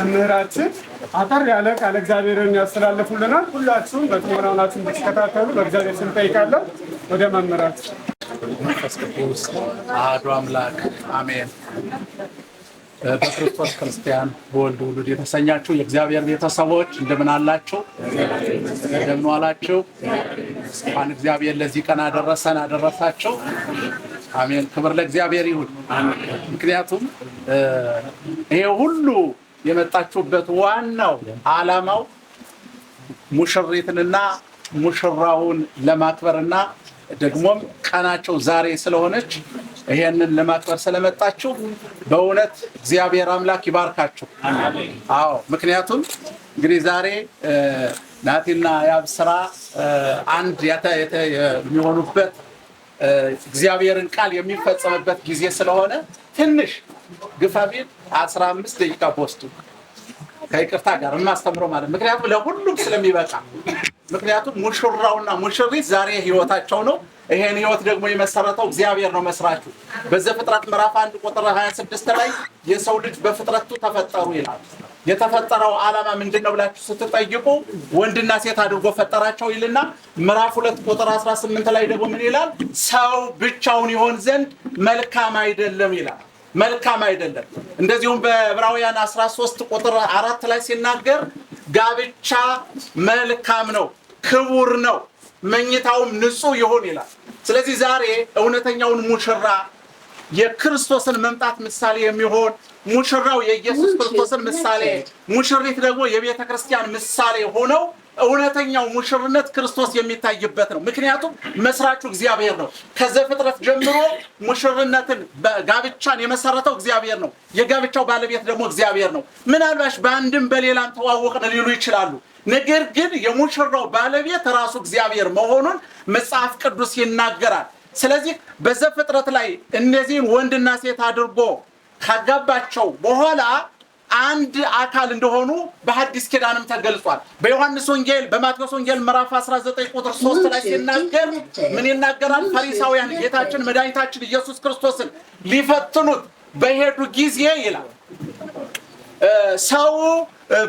መምህራችን አጠር ያለ ቃለ እግዚአብሔርን ያስተላልፉልናል። ሁላችሁም በጥሞና ሆናችሁ እንድትከታተሉ በእግዚአብሔር ስም ጠይቃለሁ። ወደ መምህራችን መንፈስ ቅዱስ አሐዱ አምላክ አሜን። በክርስቶስ ክርስቲያን በወልድ ውሉድ የተሰኛችሁ የእግዚአብሔር ቤተሰቦች እንደምን አላችሁ? እንደምን ዋላችሁ? እንኳን እግዚአብሔር ለዚህ ቀን አደረሰን አደረሳችሁ። አሜን። ክብር ለእግዚአብሔር ይሁን። ምክንያቱም ይሄ ሁሉ የመጣችሁበት ዋናው ዓላማው ሙሽሪትንና ሙሽራውን ለማክበርና ደግሞም ቀናቸው ዛሬ ስለሆነች ይሄንን ለማክበር ስለመጣችሁ በእውነት እግዚአብሔር አምላክ ይባርካችሁ። አዎ፣ ምክንያቱም እንግዲህ ዛሬ ናቲና ያብ ስራ አንድ የሚሆኑበት እግዚአብሔርን ቃል የሚፈጸምበት ጊዜ ስለሆነ ትንሽ ግፋ ቢል አስራ አምስት ደቂቃ ፖስቱ ከይቅርታ ጋር እናስተምሮ ማለት ምክንያቱም ለሁሉም ስለሚበቃ ምክንያቱም ሙሽራውና ሙሽሪት ዛሬ ህይወታቸው ነው። ይሄን ህይወት ደግሞ የመሰረተው እግዚአብሔር ነው መስራቹ። በዘፍጥረት ምዕራፍ አንድ ቁጥር 26 ላይ የሰው ልጅ በፍጥረቱ ተፈጠሩ ይላል። የተፈጠረው ዓላማ ምንድን ነው ብላችሁ ስትጠይቁ ወንድና ሴት አድርጎ ፈጠራቸው ይልና ምዕራፍ ሁለት ቁጥር 18 ላይ ደግሞ ምን ይላል? ሰው ብቻውን ይሆን ዘንድ መልካም አይደለም ይላል። መልካም አይደለም። እንደዚሁም በዕብራውያን 13 ቁጥር አራት ላይ ሲናገር ጋብቻ መልካም ነው፣ ክቡር ነው፣ መኝታውም ንጹህ ይሁን ይላል። ስለዚህ ዛሬ እውነተኛውን ሙሽራ የክርስቶስን መምጣት ምሳሌ የሚሆን ሙሽራው የኢየሱስ ክርስቶስን ምሳሌ፣ ሙሽሪት ደግሞ የቤተ ክርስቲያን ምሳሌ ሆነው እውነተኛው ሙሽርነት ክርስቶስ የሚታይበት ነው። ምክንያቱም መስራቹ እግዚአብሔር ነው። ከዘፍጥረት ጀምሮ ሙሽርነትን ጋብቻን የመሰረተው እግዚአብሔር ነው። የጋብቻው ባለቤት ደግሞ እግዚአብሔር ነው። ምናልባሽ በአንድም በሌላም ተዋወቅን ሊሉ ይችላሉ። ነገር ግን የሙሽራው ባለቤት ራሱ እግዚአብሔር መሆኑን መጽሐፍ ቅዱስ ይናገራል። ስለዚህ በዘፍጥረት ላይ እነዚህን ወንድና ሴት አድርጎ ካጋባቸው በኋላ አንድ አካል እንደሆኑ በሐዲስ ኪዳንም ተገልጿል። በዮሐንስ ወንጌል በማቴዎስ ወንጌል ምዕራፍ 19 ቁጥር 3 ላይ ሲናገር ምን ይናገራል? ፈሪሳውያን ጌታችን መድኃኒታችን ኢየሱስ ክርስቶስን ሊፈትኑት በሄዱ ጊዜ ይላል ሰው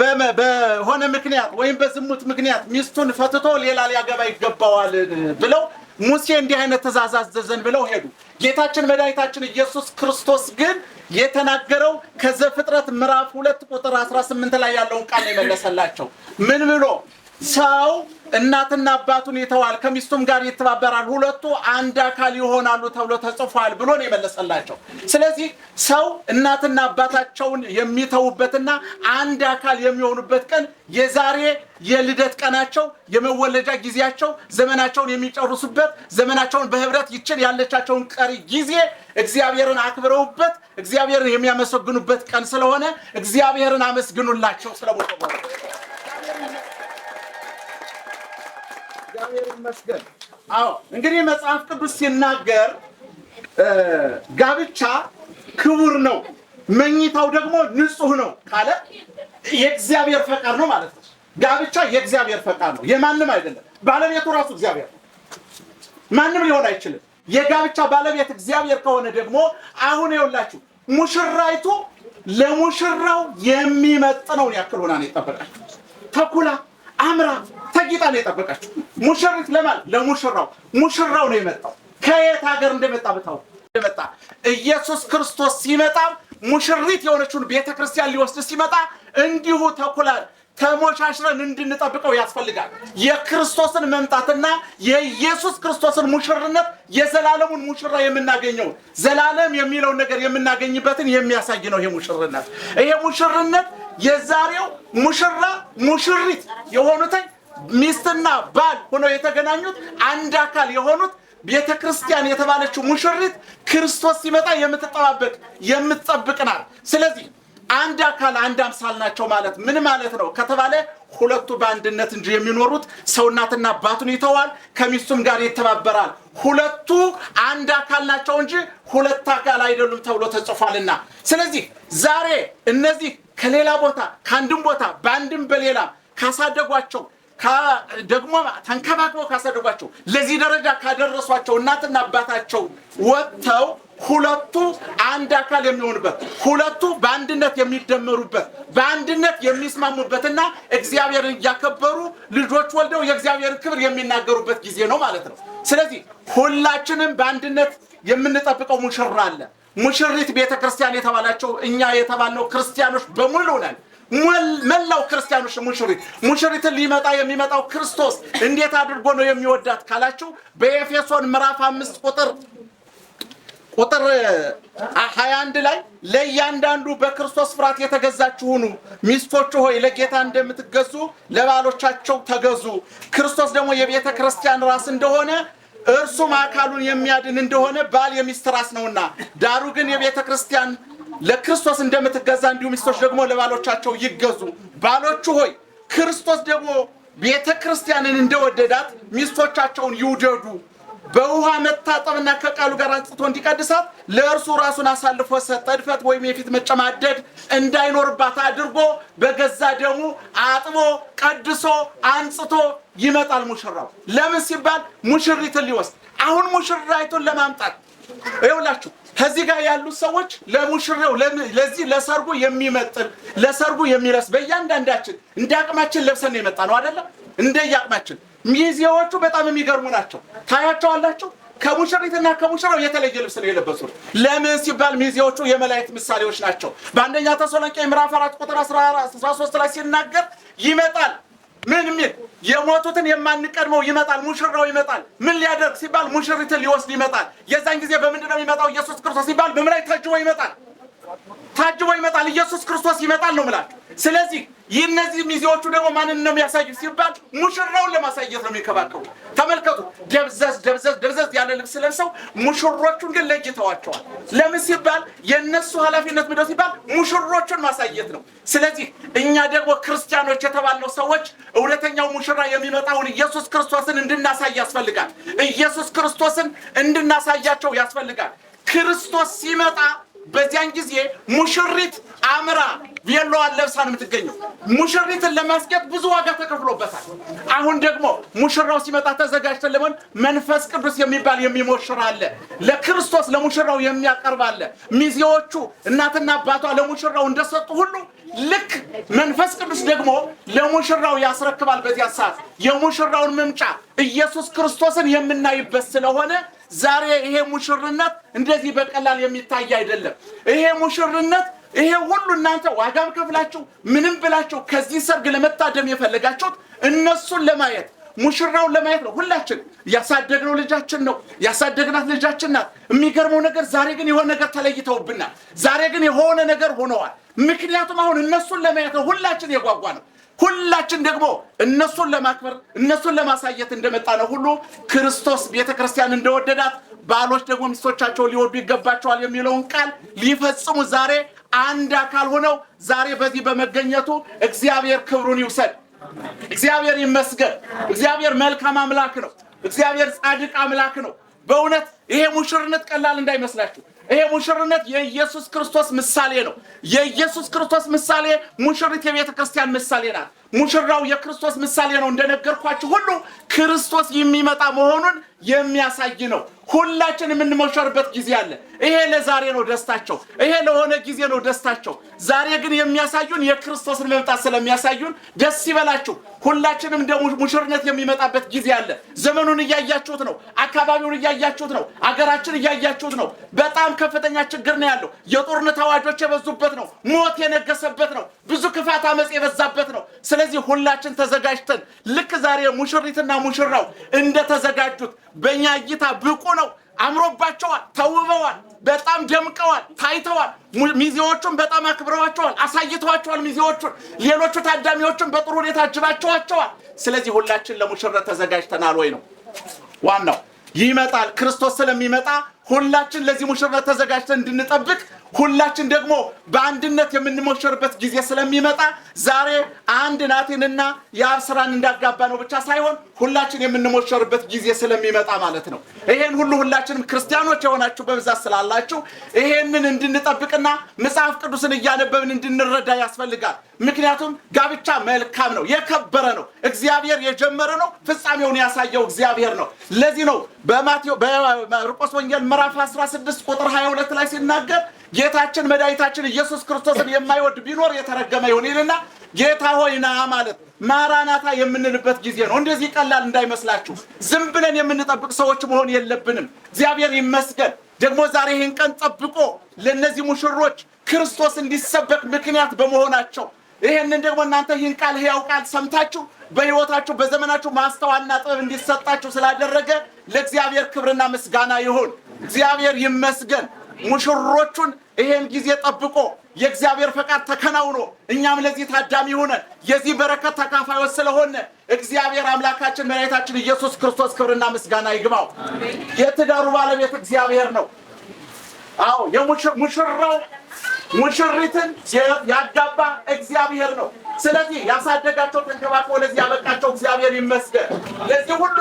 በሆነ ምክንያት ወይም በዝሙት ምክንያት ሚስቱን ፈትቶ ሌላ ሊያገባ ይገባዋል ብለው ሙሴ እንዲህ አይነት ትእዛዝ አዘዘን ብለው ሄዱ። ጌታችን መድኃኒታችን ኢየሱስ ክርስቶስ ግን የተናገረው ከዘፍጥረት ምዕራፍ ሁለት ቁጥር 18 ላይ ያለውን ቃል የመለሰላቸው ምን ብሎ ሰው እናትና አባቱን ይተዋል፣ ከሚስቱም ጋር ይተባበራል፣ ሁለቱ አንድ አካል ይሆናሉ ተብሎ ተጽፏል ብሎ ነው የመለሰላቸው። ስለዚህ ሰው እናትና አባታቸውን የሚተዉበትና አንድ አካል የሚሆኑበት ቀን የዛሬ የልደት ቀናቸው፣ የመወለጃ ጊዜያቸው፣ ዘመናቸውን የሚጨርሱበት ዘመናቸውን በህብረት ይችን ያለቻቸውን ቀሪ ጊዜ እግዚአብሔርን አክብረውበት እግዚአብሔርን የሚያመሰግኑበት ቀን ስለሆነ እግዚአብሔርን አመስግኑላቸው ስለሞተ እግዚአብሔር ይመስገን። አዎ እንግዲህ መጽሐፍ ቅዱስ ሲናገር ጋብቻ ክቡር ነው፣ መኝታው ደግሞ ንጹሕ ነው ካለ የእግዚአብሔር ፈቃድ ነው ማለት ነው። ጋብቻ የእግዚአብሔር ፈቃድ ነው፣ የማንም አይደለም። ባለቤቱ ራሱ እግዚአብሔር ነው፣ ማንም ሊሆን አይችልም። የጋብቻ ባለቤት እግዚአብሔር ከሆነ ደግሞ አሁን የውላችሁ ሙሽራይቱ ለሙሽራው የሚመጥ ነውን ያክል ሆና ነው የጠበቃችሁ። ተኩላ አምራ ተጊጣ ነው የጠበቃችሁ። ሙሽሪት ለማን? ለሙሽራው። ሙሽራው ነው የመጣው። ከየት ሀገር እንደመጣ ብታው እንደመጣ ኢየሱስ ክርስቶስ ሲመጣ ሙሽሪት የሆነችውን ቤተ ክርስቲያን ሊወስድ ሲመጣ እንዲሁ ተኩላን ተሞሻሽረን እንድንጠብቀው ያስፈልጋል። የክርስቶስን መምጣትና የኢየሱስ ክርስቶስን ሙሽርነት የዘላለሙን ሙሽራ የምናገኘው ዘላለም የሚለውን ነገር የምናገኝበትን የሚያሳይ ነው። ይሄ ሙሽርነት ይሄ ሙሽርነት የዛሬው ሙሽራ ሙሽሪት የሆኑትን ሚስትና ባል ሆነው የተገናኙት አንድ አካል የሆኑት ቤተ ክርስቲያን የተባለችው ሙሽሪት ክርስቶስ ሲመጣ የምትጠባበቅ የምትጠብቅ ናት። ስለዚህ አንድ አካል አንድ አምሳል ናቸው ማለት ምን ማለት ነው ከተባለ ሁለቱ በአንድነት እንጂ የሚኖሩት ሰው እናትና አባቱን ይተዋል፣ ከሚስቱም ጋር ይተባበራል። ሁለቱ አንድ አካል ናቸው እንጂ ሁለት አካል አይደሉም ተብሎ ተጽፏልና ስለዚህ ዛሬ እነዚህ ከሌላ ቦታ ከአንድም ቦታ በአንድም በሌላ ካሳደጓቸው ደግሞ ተንከባክበው ካሳደጓቸው ለዚህ ደረጃ ካደረሷቸው እናትና አባታቸው ወጥተው ሁለቱ አንድ አካል የሚሆኑበት ሁለቱ በአንድነት የሚደመሩበት በአንድነት የሚስማሙበትና እግዚአብሔርን እያከበሩ ልጆች ወልደው የእግዚአብሔርን ክብር የሚናገሩበት ጊዜ ነው ማለት ነው። ስለዚህ ሁላችንም በአንድነት የምንጠብቀው ሙሽራ አለ። ሙሽሪት ቤተ ክርስቲያን የተባላቸው እኛ የተባልነው ክርስቲያኖች በሙሉ ነን። መላው ክርስቲያኖች ሙሽሪት ሙሽሪትን ሊመጣ የሚመጣው ክርስቶስ እንዴት አድርጎ ነው የሚወዳት ካላችሁ በኤፌሶን ምዕራፍ አምስት ቁጥር ቁጥር 21 ላይ ለእያንዳንዱ በክርስቶስ ፍርሃት የተገዛችሁ ሁኑ፣ ሚስቶቹ ሆይ ለጌታ እንደምትገዙ ለባሎቻቸው ተገዙ። ክርስቶስ ደግሞ የቤተ ክርስቲያን ራስ እንደሆነ እርሱም አካሉን የሚያድን እንደሆነ ባል የሚስት ራስ ነውና፣ ዳሩ ግን የቤተ ክርስቲያን ለክርስቶስ እንደምትገዛ እንዲሁ ሚስቶች ደግሞ ለባሎቻቸው ይገዙ። ባሎቹ ሆይ ክርስቶስ ደግሞ ቤተ ክርስቲያንን እንደወደዳት ሚስቶቻቸውን ይውደዱ። በውሃ መታጠብና ከቃሉ ጋር አንጽቶ እንዲቀድሳት ለእርሱ ራሱን አሳልፎ ሰጠ። እድፈት ወይም የፊት መጨማደድ እንዳይኖርባት አድርጎ በገዛ ደሙ አጥቦ ቀድሶ አንጽቶ ይመጣል ሙሽራው። ለምን ሲባል ሙሽሪትን ሊወስድ አሁን ሙሽራይቱን ለማምጣት ይውላችሁ ከዚህ ጋር ያሉት ሰዎች ለሙሽሬው ለዚህ ለሰርጉ የሚመጥን ለሰርጉ የሚረስ በእያንዳንዳችን እንደ አቅማችን ለብሰን ነው የመጣ ነው አይደለም። አቅማችን ሚዜዎቹ በጣም የሚገርሙ ናቸው። ታያቸዋላችሁ። ከሙሽሪትና ከሙሽራው የተለየ ልብስ ነው የለበሱት። ለምን ሲባል ሚዜዎቹ የመላእክት ምሳሌዎች ናቸው። በአንደኛ ተሰሎንቄ ምዕራፍ አራት ቁጥር 13 ላይ ሲናገር ይመጣል ምን ሚል የሞቱትን የማንቀድመው ይመጣል፣ ሙሽራው ይመጣል። ምን ሊያደርግ ሲባል ሙሽሪትን ሊወስድ ይመጣል። የዛን ጊዜ በምንድን ነው የሚመጣው ኢየሱስ ክርስቶስ ሲባል በምን ላይ ታጅቦ ይመጣል? ታጅቦ ይመጣል። ኢየሱስ ክርስቶስ ይመጣል ነው የምላቸው። ስለዚህ ይህ እነዚህ ሚዜዎቹ ደግሞ ማንን ነው የሚያሳዩት ሲባል ሙሽራውን ለማሳየት ነው የሚከባከቡት? ተመልከቱ። ደብዘዝ ደብዘዝ ደብዘዝ ያለ ልብስ ለብሰው ሙሽሮቹን ግን ለይተዋቸዋል። ለምን ሲባል የእነሱ ኃላፊነት ምደው ሲባል ሙሽሮቹን ማሳየት ነው። ስለዚህ እኛ ደግሞ ክርስቲያኖች የተባለው ሰዎች እውነተኛው ሙሽራ የሚመጣውን ኢየሱስ ክርስቶስን እንድናሳይ ያስፈልጋል። ኢየሱስ ክርስቶስን እንድናሳያቸው ያስፈልጋል። ክርስቶስ ሲመጣ በዚያን ጊዜ ሙሽሪት አምራ ቬሎዋን ለብሳን የምትገኘው ሙሽሪትን ለማስጌጥ ብዙ ዋጋ ተከፍሎበታል። አሁን ደግሞ ሙሽራው ሲመጣ ተዘጋጅተን ለመሆን መንፈስ ቅዱስ የሚባል የሚሞሽር አለ። ለክርስቶስ ለሙሽራው የሚያቀርብ አለ። ሚዜዎቹ እናትና አባቷ ለሙሽራው እንደሰጡ ሁሉ ልክ መንፈስ ቅዱስ ደግሞ ለሙሽራው ያስረክባል። በዚያ ሰዓት የሙሽራውን መምጫ ኢየሱስ ክርስቶስን የምናይበት ስለሆነ ዛሬ ይሄ ሙሽርነት እንደዚህ በቀላል የሚታይ አይደለም። ይሄ ሙሽርነት ይሄ ሁሉ እናንተ ዋጋም ከፍላችሁ ምንም ብላችሁ ከዚህ ሰርግ ለመታደም የፈለጋችሁት እነሱን ለማየት ሙሽራውን ለማየት ነው። ሁላችን ያሳደግነው ልጃችን ነው ያሳደግናት ልጃችን ናት። የሚገርመው ነገር ዛሬ ግን የሆነ ነገር ተለይተውብናል። ዛሬ ግን የሆነ ነገር ሆነዋል። ምክንያቱም አሁን እነሱን ለማየት ነው ሁላችን የጓጓ ነው። ሁላችን ደግሞ እነሱን ለማክበር እነሱን ለማሳየት እንደመጣ ነው ሁሉ ክርስቶስ ቤተ ክርስቲያን እንደወደዳት ባሎች ደግሞ ሚስቶቻቸውን ሊወዱ ይገባቸዋል የሚለውን ቃል ሊፈጽሙ ዛሬ አንድ አካል ሆነው ዛሬ በዚህ በመገኘቱ እግዚአብሔር ክብሩን ይውሰድ። እግዚአብሔር ይመስገን። እግዚአብሔር መልካም አምላክ ነው። እግዚአብሔር ጻድቅ አምላክ ነው። በእውነት ይሄ ሙሽርነት ቀላል እንዳይመስላችሁ። ይሄ ሙሽርነት የኢየሱስ ክርስቶስ ምሳሌ ነው። የኢየሱስ ክርስቶስ ምሳሌ ሙሽሪት የቤተ ክርስቲያን ምሳሌ ናት። ሙሽራው የክርስቶስ ምሳሌ ነው። እንደነገርኳችሁ ሁሉ ክርስቶስ የሚመጣ መሆኑን የሚያሳይ ነው። ሁላችን የምንሞሸርበት ጊዜ አለ። ይሄ ለዛሬ ነው ደስታቸው፣ ይሄ ለሆነ ጊዜ ነው ደስታቸው። ዛሬ ግን የሚያሳዩን የክርስቶስን መምጣት ስለሚያሳዩን ደስ ይበላችሁ። ሁላችንም እንደ ሙሽርነት የሚመጣበት ጊዜ አለ። ዘመኑን እያያችሁት ነው። አካባቢውን እያያችሁት ነው። አገራችን እያያችሁት ነው። በጣም ከፍተኛ ችግር ነው ያለው። የጦርነት አዋጆች የበዙበት ነው። ሞት የነገሰበት ነው። ብዙ ክፋት፣ አመፅ የበዛበት ነው። ስለ ስለዚህ ሁላችን ተዘጋጅተን ልክ ዛሬ ሙሽሪትና ሙሽራው እንደተዘጋጁት በእኛ እይታ ብቁ ነው፣ አምሮባቸዋል፣ ተውበዋል፣ በጣም ደምቀዋል፣ ታይተዋል። ሚዜዎቹን በጣም አክብረዋቸዋል፣ አሳይተዋቸዋል። ሚዜዎቹን ሌሎቹ ታዳሚዎቹን በጥሩ ሁኔታ አጅባቸዋቸዋል። ስለዚህ ሁላችን ለሙሽረት ተዘጋጅተናል ወይ ነው ዋናው። ይመጣል ክርስቶስ ስለሚመጣ ሁላችን ለዚህ ሙሽረት ተዘጋጅተን እንድንጠብቅ ሁላችን ደግሞ በአንድነት የምንሞሸርበት ጊዜ ስለሚመጣ ዛሬ አንድ ናቴንና የአብ ስራን እንዳጋባ ነው ብቻ ሳይሆን ሁላችን የምንሞሸርበት ጊዜ ስለሚመጣ ማለት ነው። ይሄን ሁሉ ሁላችንም ክርስቲያኖች የሆናችሁ በብዛት ስላላችሁ ይሄንን እንድንጠብቅና መጽሐፍ ቅዱስን እያነበብን እንድንረዳ ያስፈልጋል። ምክንያቱም ጋብቻ መልካም ነው፣ የከበረ ነው፣ እግዚአብሔር የጀመረ ነው፣ ፍጻሜውን ያሳየው እግዚአብሔር ነው። ለዚህ ነው በማቴዎ በማርቆስ ወንጌል ምዕራፍ 16 ቁጥር 22 ላይ ሲናገር ጌታችን መድኃኒታችን ኢየሱስ ክርስቶስን የማይወድ ቢኖር የተረገመ ይሁን ይልና ጌታ ና ማለት ማራናታ የምንልበት ጊዜ ነው። እንደዚህ ቀላል እንዳይመስላችሁ። ዝም ብለን የምንጠብቅ ሰዎች መሆን የለብንም። እግዚአብሔር ይመስገን ደግሞ ዛሬ ይህን ቀን ጠብቆ ለእነዚህ ሙሽሮች ክርስቶስ እንዲሰበክ ምክንያት በመሆናቸው ይህንን ደግሞ እናንተ ይህን ቃል ሕያው ቃል ሰምታችሁ በሕይወታችሁ በዘመናችሁ ማስተዋልና ጥበብ እንዲሰጣችሁ ስላደረገ ለእግዚአብሔር ክብርና ምስጋና ይሁን። እግዚአብሔር ይመስገን። ሙሽሮቹን ይሄን ጊዜ ጠብቆ የእግዚአብሔር ፈቃድ ተከናውኖ እኛም ለዚህ ታዳሚ ሆነን የዚህ በረከት ተካፋዮች ስለሆነ እግዚአብሔር አምላካችን መድኃኒታችን ኢየሱስ ክርስቶስ ክብርና ምስጋና ይግባው። የትዳሩ ባለቤት እግዚአብሔር ነው። አዎ የሙሽራው ሙሽሪትን ያጋባ እግዚአብሔር ነው። ስለዚህ ያሳደጋቸው ተንከባክቦ ለዚህ ያበቃቸው እግዚአብሔር ይመስገን። ለዚህ ሁሉ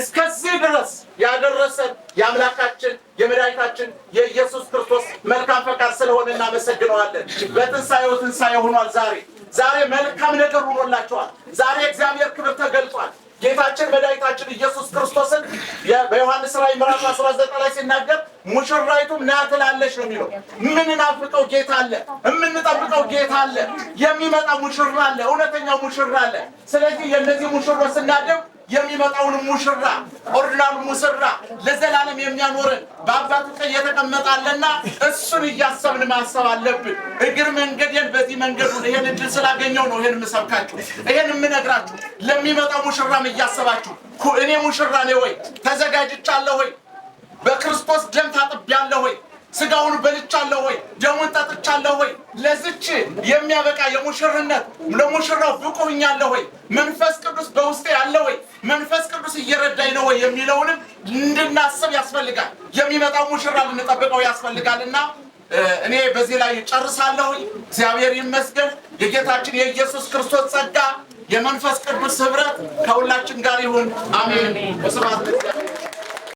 እስከዚህ ድረስ ያደረሰን የአምላካችን የመድኃኒታችን የኢየሱስ ክርስቶስ መልካም ፈቃድ ስለሆነ እናመሰግነዋለን። በትንሣኤው ትንሣኤ ሆኗል። ዛሬ ዛሬ መልካም ነገር ሆኖላቸዋል። ዛሬ እግዚአብሔር ክብር ተገልጧል። ጌታችን መድኃኒታችን ኢየሱስ ክርስቶስን በዮሐንስ ራእይ ምዕራፍ 19 ላይ ሲናገር ሙሽራይቱም ና ትላለች ነው የሚለው። የምንናፍቀው ጌታ አለ፣ የምንጠብቀው ጌታ አለ፣ የሚመጣ ሙሽራ አለ፣ እውነተኛው ሙሽራ አለ። ስለዚህ የእነዚህ ሙሽሮ ስናደብ የሚመጣውን ሙሽራ ኦርዲናሉ ሙስራ ለዘላለም የሚያኖርን በአባቱ ቀኝ የተቀመጣለና እሱን እያሰብን ማሰብ አለብን። እግር መንገድን በዚህ መንገዱ ይሄን እድል ስላገኘው ነው ይሄን የምሰብካችሁ ይሄን የምነግራችሁ። ለሚመጣው ሙሽራም እያሰባችሁ እኔ ሙሽራ ነኝ ወይ ተዘጋጅቻለሁ ወይ በክርስቶስ ደም ታጥቤያለሁ ወይ ስጋውን በልቻለሁ ወይ ደሙን ጠጥቻለሁ ወይ ለዝች የሚያበቃ የሙሽርነት ለሙሽራው ብቁ ሆኛለሁ ወይ መንፈስ ቅዱስ በውስጤ ያለ ወይ መንፈስ ቅዱስ እየረዳኝ ነው ወይ የሚለውንም እንድናስብ ያስፈልጋል። የሚመጣው ሙሽራ ልንጠብቀው ያስፈልጋልና እኔ በዚህ ላይ ጨርሳለሁ። እግዚአብሔር ይመስገን። የጌታችን የኢየሱስ ክርስቶስ ጸጋ፣ የመንፈስ ቅዱስ ህብረት ከሁላችን ጋር ይሁን። አሜን። ስብሐት